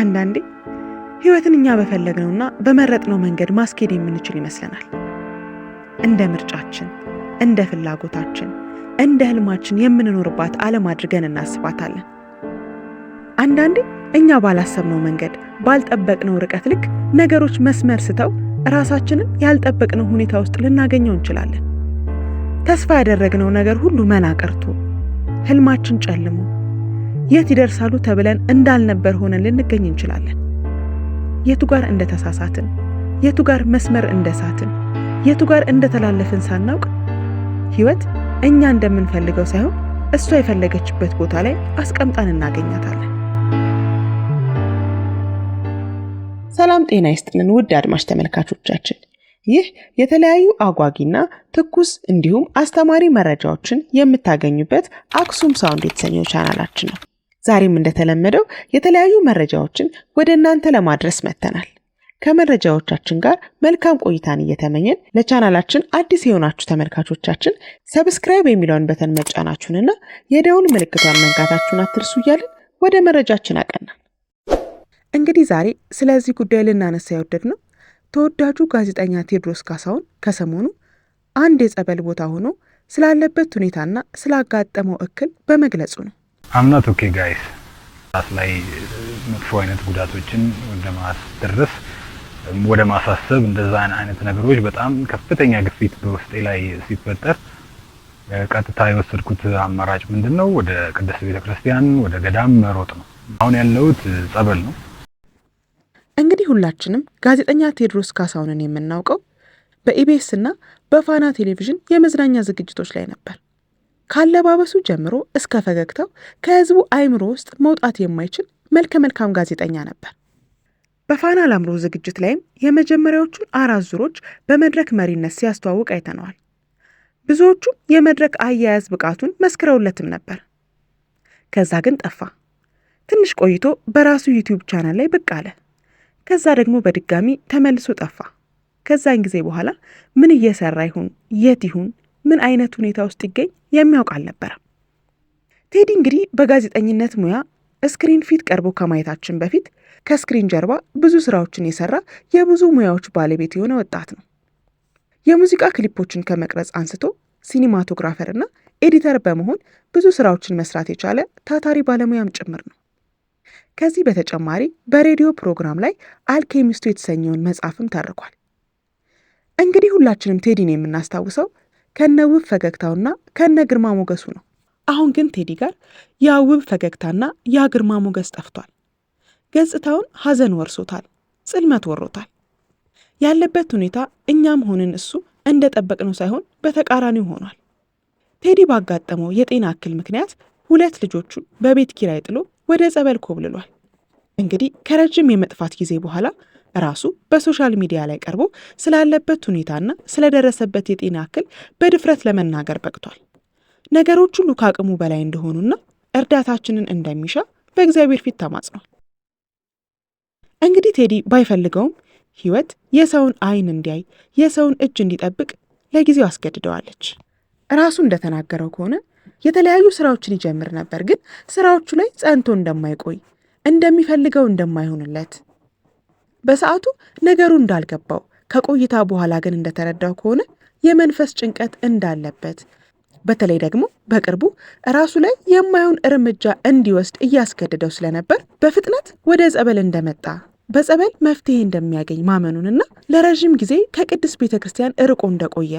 አንዳንዴ ህይወትን እኛ በፈለግነውና በመረጥነው መንገድ ማስኬድ የምንችል ይመስለናል። እንደ ምርጫችን፣ እንደ ፍላጎታችን፣ እንደ ህልማችን የምንኖርባት ዓለም አድርገን እናስባታለን። አንዳንዴ እኛ ባላሰብነው መንገድ ባልጠበቅነው ርቀት ልክ ነገሮች መስመር ስተው ራሳችንን ያልጠበቅነው ሁኔታ ውስጥ ልናገኘው እንችላለን። ተስፋ ያደረግነው ነገር ሁሉ መና ቀርቶ ህልማችን ጨልሞ የት ይደርሳሉ ተብለን እንዳልነበር ሆነን ልንገኝ እንችላለን። የቱ ጋር እንደተሳሳትን፣ የቱ ጋር መስመር እንደሳትን፣ የቱ ጋር እንደተላለፍን ሳናውቅ ህይወት እኛ እንደምንፈልገው ሳይሆን እሷ የፈለገችበት ቦታ ላይ አስቀምጣን እናገኛታለን። ሰላም ጤና ይስጥልን ውድ አድማሽ ተመልካቾቻችን፣ ይህ የተለያዩ አጓጊና ትኩስ እንዲሁም አስተማሪ መረጃዎችን የምታገኙበት አክሱም ሳውንድ የተሰኘው ቻናላችን ነው። ዛሬም እንደተለመደው የተለያዩ መረጃዎችን ወደ እናንተ ለማድረስ መጥተናል። ከመረጃዎቻችን ጋር መልካም ቆይታን እየተመኘን ለቻናላችን አዲስ የሆናችሁ ተመልካቾቻችን ሰብስክራይብ የሚለውን በተን መጫናችሁንና የደውል ምልክቷን መንካታችሁን አትርሱ እያልን ወደ መረጃችን አቀናል። እንግዲህ ዛሬ ስለዚህ ጉዳይ ልናነሳ ያወደድ ነው ተወዳጁ ጋዜጠኛ ቴዎድሮስ ካሳሁን ከሰሞኑ አንድ የጸበል ቦታ ሆኖ ስላለበት ሁኔታና ስላጋጠመው እክል በመግለጹ ነው። አምናት ኦኬ ጋይስ ራስ ላይ መጥፎ አይነት ጉዳቶችን ወደ ማስደረስ ወደ ማሳሰብ እንደዛ አይነት ነገሮች በጣም ከፍተኛ ግፊት በውስጤ ላይ ሲፈጠር ቀጥታ የወሰድኩት አማራጭ ምንድን ነው? ወደ ቅድስት ቤተ ክርስቲያን ወደ ገዳም መሮጥ ነው። አሁን ያለሁት ጸበል ነው። እንግዲህ ሁላችንም ጋዜጠኛ ቴዎድሮስ ካሳሁንን የምናውቀው በኢቢኤስ እና በፋና ቴሌቪዥን የመዝናኛ ዝግጅቶች ላይ ነበር። ካለባበሱ ጀምሮ እስከ ፈገግታው ከህዝቡ አይምሮ ውስጥ መውጣት የማይችል መልከ መልካም ጋዜጠኛ ነበር። በፋና ላምሮ ዝግጅት ላይም የመጀመሪያዎቹን አራት ዙሮች በመድረክ መሪነት ሲያስተዋውቅ አይተነዋል። ብዙዎቹም የመድረክ አያያዝ ብቃቱን መስክረውለትም ነበር። ከዛ ግን ጠፋ። ትንሽ ቆይቶ በራሱ ዩቲዩብ ቻናል ላይ ብቅ አለ። ከዛ ደግሞ በድጋሚ ተመልሶ ጠፋ። ከዛን ጊዜ በኋላ ምን እየሰራ ይሁን፣ የት ይሁን፣ ምን አይነት ሁኔታ ውስጥ ይገኝ የሚያውቅ አልነበረም። ቴዲ እንግዲህ በጋዜጠኝነት ሙያ ስክሪን ፊት ቀርቦ ከማየታችን በፊት ከስክሪን ጀርባ ብዙ ስራዎችን የሰራ የብዙ ሙያዎች ባለቤት የሆነ ወጣት ነው። የሙዚቃ ክሊፖችን ከመቅረጽ አንስቶ ሲኒማቶግራፈር እና ኤዲተር በመሆን ብዙ ስራዎችን መስራት የቻለ ታታሪ ባለሙያም ጭምር ነው። ከዚህ በተጨማሪ በሬዲዮ ፕሮግራም ላይ አልኬሚስቱ የተሰኘውን መጽሐፍም ተርኳል። እንግዲህ ሁላችንም ቴዲን የምናስታውሰው ከነ ውብ ፈገግታውና ከነ ግርማ ሞገሱ ነው። አሁን ግን ቴዲ ጋር ያ ውብ ፈገግታና ያ ግርማ ሞገስ ጠፍቷል። ገጽታውን ሐዘን ወርሶታል፣ ጽልመት ወሮታል። ያለበት ሁኔታ እኛም ሆንን እሱ እንደ ጠበቅነው ሳይሆን በተቃራኒው ሆኗል። ቴዲ ባጋጠመው የጤና እክል ምክንያት ሁለት ልጆቹ በቤት ኪራይ ጥሎ ወደ ጸበል ኮብልሏል። እንግዲህ ከረጅም የመጥፋት ጊዜ በኋላ ራሱ በሶሻል ሚዲያ ላይ ቀርቦ ስላለበት ሁኔታና ስለደረሰበት የጤና እክል በድፍረት ለመናገር በቅቷል። ነገሮች ሁሉ ከአቅሙ በላይ እንደሆኑና እርዳታችንን እንደሚሻ በእግዚአብሔር ፊት ተማጽኗል። እንግዲህ ቴዲ ባይፈልገውም ህይወት የሰውን አይን እንዲያይ፣ የሰውን እጅ እንዲጠብቅ ለጊዜው አስገድደዋለች። ራሱ እንደተናገረው ከሆነ የተለያዩ ስራዎችን ይጀምር ነበር፣ ግን ስራዎቹ ላይ ጸንቶ እንደማይቆይ እንደሚፈልገው እንደማይሆንለት በሰዓቱ ነገሩ እንዳልገባው ከቆይታ በኋላ ግን እንደተረዳው ከሆነ የመንፈስ ጭንቀት እንዳለበት በተለይ ደግሞ በቅርቡ ራሱ ላይ የማይሆን እርምጃ እንዲወስድ እያስገደደው ስለነበር በፍጥነት ወደ ጸበል እንደመጣ በጸበል መፍትሄ እንደሚያገኝ ማመኑንና ለረዥም ጊዜ ከቅድስት ቤተ ክርስቲያን እርቆ እንደቆየ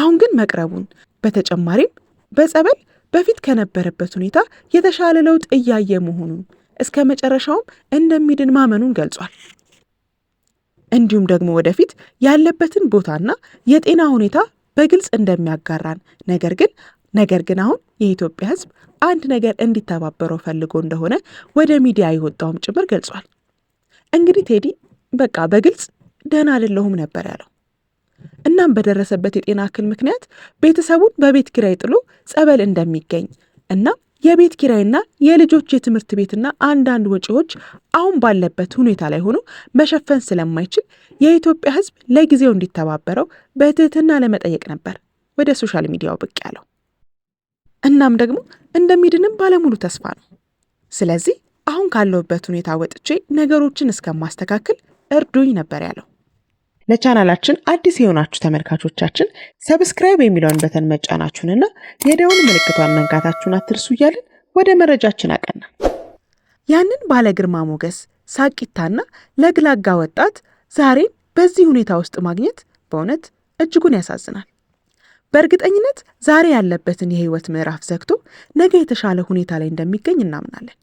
አሁን ግን መቅረቡን በተጨማሪም በጸበል በፊት ከነበረበት ሁኔታ የተሻለ ለውጥ እያየ መሆኑን እስከ መጨረሻውም እንደሚድን ማመኑን ገልጿል። እንዲሁም ደግሞ ወደፊት ያለበትን ቦታና የጤና ሁኔታ በግልጽ እንደሚያጋራን ነገር ግን ነገር ግን አሁን የኢትዮጵያ ሕዝብ አንድ ነገር እንዲተባበረው ፈልጎ እንደሆነ ወደ ሚዲያ የወጣውም ጭምር ገልጿል። እንግዲህ ቴዲ በቃ በግልጽ ደህና አይደለሁም ነበር ያለው። እናም በደረሰበት የጤና እክል ምክንያት ቤተሰቡን በቤት ኪራይ ጥሎ ጸበል እንደሚገኝ እና የቤት ኪራይና የልጆች የትምህርት ቤትና አንዳንድ ወጪዎች አሁን ባለበት ሁኔታ ላይ ሆኖ መሸፈን ስለማይችል የኢትዮጵያ ሕዝብ ለጊዜው እንዲተባበረው በትህትና ለመጠየቅ ነበር ወደ ሶሻል ሚዲያው ብቅ ያለው። እናም ደግሞ እንደሚድንም ባለሙሉ ተስፋ ነው። ስለዚህ አሁን ካለሁበት ሁኔታ ወጥቼ ነገሮችን እስከማስተካከል እርዱኝ ነበር ያለው። ለቻናላችን አዲስ የሆናችሁ ተመልካቾቻችን ሰብስክራይብ የሚለውን በተን መጫናችሁንና የደወል ምልክቷን መንካታችሁን አትርሱ እያልን ወደ መረጃችን አቀና። ያንን ባለ ግርማ ሞገስ ሳቂታና ለግላጋ ወጣት ዛሬን በዚህ ሁኔታ ውስጥ ማግኘት በእውነት እጅጉን ያሳዝናል። በእርግጠኝነት ዛሬ ያለበትን የህይወት ምዕራፍ ዘግቶ ነገ የተሻለ ሁኔታ ላይ እንደሚገኝ እናምናለን።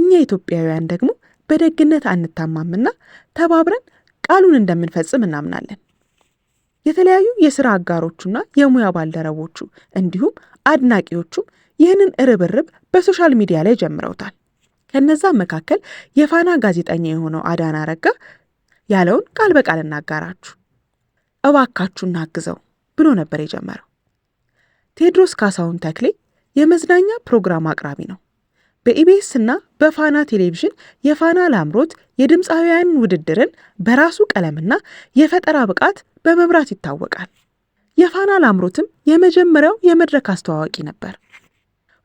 እኛ ኢትዮጵያውያን ደግሞ በደግነት አንታማምና ተባብረን ቃሉን እንደምንፈጽም እናምናለን። የተለያዩ የሥራ አጋሮቹና የሙያ ባልደረቦቹ እንዲሁም አድናቂዎቹም ይህንን እርብርብ በሶሻል ሚዲያ ላይ ጀምረውታል። ከነዛ መካከል የፋና ጋዜጠኛ የሆነው አዳና ረጋ ያለውን ቃል በቃል እናጋራችሁ። እባካችሁ እናግዘው ብሎ ነበር የጀመረው። ቴዎድሮስ ካሳሁን ተክሌ የመዝናኛ ፕሮግራም አቅራቢ ነው። በኢቢኤስ እና በፋና ቴሌቪዥን የፋና ላምሮት የድምፃውያን ውድድርን በራሱ ቀለምና የፈጠራ ብቃት በመምራት ይታወቃል። የፋና ላምሮትም የመጀመሪያው የመድረክ አስተዋዋቂ ነበር።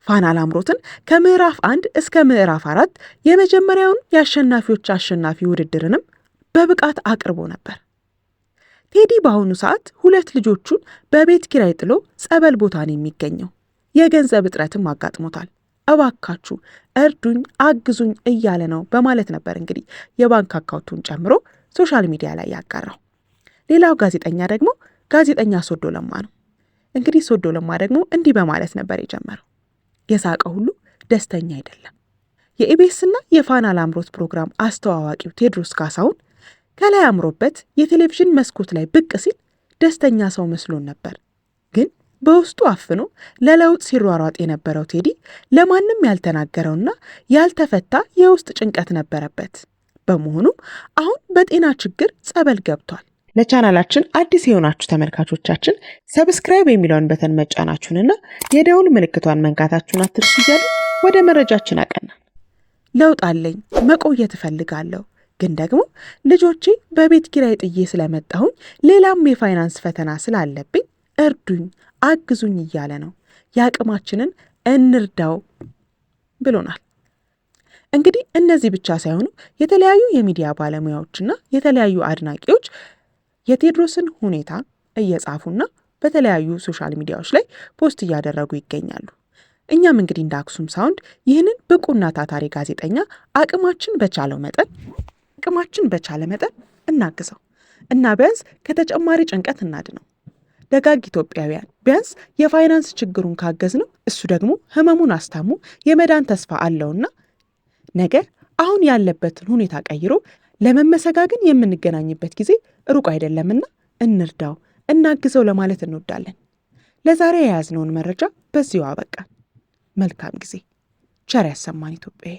ፋና ላምሮትን ከምዕራፍ አንድ እስከ ምዕራፍ አራት የመጀመሪያውን የአሸናፊዎች አሸናፊ ውድድርንም በብቃት አቅርቦ ነበር። ቴዲ በአሁኑ ሰዓት ሁለት ልጆቹን በቤት ኪራይ ጥሎ ጸበል ቦታ ነው የሚገኘው። የገንዘብ እጥረትም አጋጥሞታል። እባካችሁ እርዱኝ፣ አግዙኝ እያለ ነው በማለት ነበር እንግዲህ የባንክ አካውንቱን ጨምሮ ሶሻል ሚዲያ ላይ ያጋራው። ሌላው ጋዜጠኛ ደግሞ ጋዜጠኛ ሶዶ ለማ ነው። እንግዲህ ሶዶ ለማ ደግሞ እንዲህ በማለት ነበር የጀመረው። የሳቀ ሁሉ ደስተኛ አይደለም። ና የፋና ላምሮት ፕሮግራም አስተዋዋቂው ቴድሮስ ካሳሁን ከላይ አምሮበት የቴሌቪዥን መስኮት ላይ ብቅ ሲል ደስተኛ ሰው መስሎን ነበር ግን በውስጡ አፍኖ ለለውጥ ሲሯሯጥ የነበረው ቴዲ ለማንም ያልተናገረውና ያልተፈታ የውስጥ ጭንቀት ነበረበት። በመሆኑም አሁን በጤና ችግር ጸበል ገብቷል። ለቻናላችን አዲስ የሆናችሁ ተመልካቾቻችን ሰብስክራይብ የሚለውን በተን መጫናችሁንና የደውል ምልክቷን መንካታችሁን አትርሱ እያሉ ወደ መረጃችን አቀና። ለውጥ አለኝ፣ መቆየት እፈልጋለሁ ግን ደግሞ ልጆቼ በቤት ኪራይ ጥዬ ስለመጣሁኝ ሌላም የፋይናንስ ፈተና ስላለብኝ እርዱኝ አግዙኝ እያለ ነው። የአቅማችንን እንርዳው ብሎናል። እንግዲህ እነዚህ ብቻ ሳይሆኑ የተለያዩ የሚዲያ ባለሙያዎችና የተለያዩ አድናቂዎች የቴድሮስን ሁኔታ እየጻፉና በተለያዩ ሶሻል ሚዲያዎች ላይ ፖስት እያደረጉ ይገኛሉ። እኛም እንግዲህ እንደ አክሱም ሳውንድ ይህንን ብቁና ታታሪ ጋዜጠኛ አቅማችን በቻለው መጠን አቅማችን በቻለ መጠን እናግዘው እና ቢያንስ ከተጨማሪ ጭንቀት እናድነው። ደጋግ ኢትዮጵያውያን ቢያንስ የፋይናንስ ችግሩን ካገዝ ነው እሱ ደግሞ ህመሙን አስታሞ የመዳን ተስፋ አለውና ነገር አሁን ያለበትን ሁኔታ ቀይሮ ለመመሰጋገን የምንገናኝበት ጊዜ ሩቅ አይደለምና እንርዳው፣ እናግዘው ለማለት እንወዳለን። ለዛሬ የያዝነውን መረጃ በዚሁ አበቃን። መልካም ጊዜ። ቸር ያሰማን ኢትዮጵያዬ።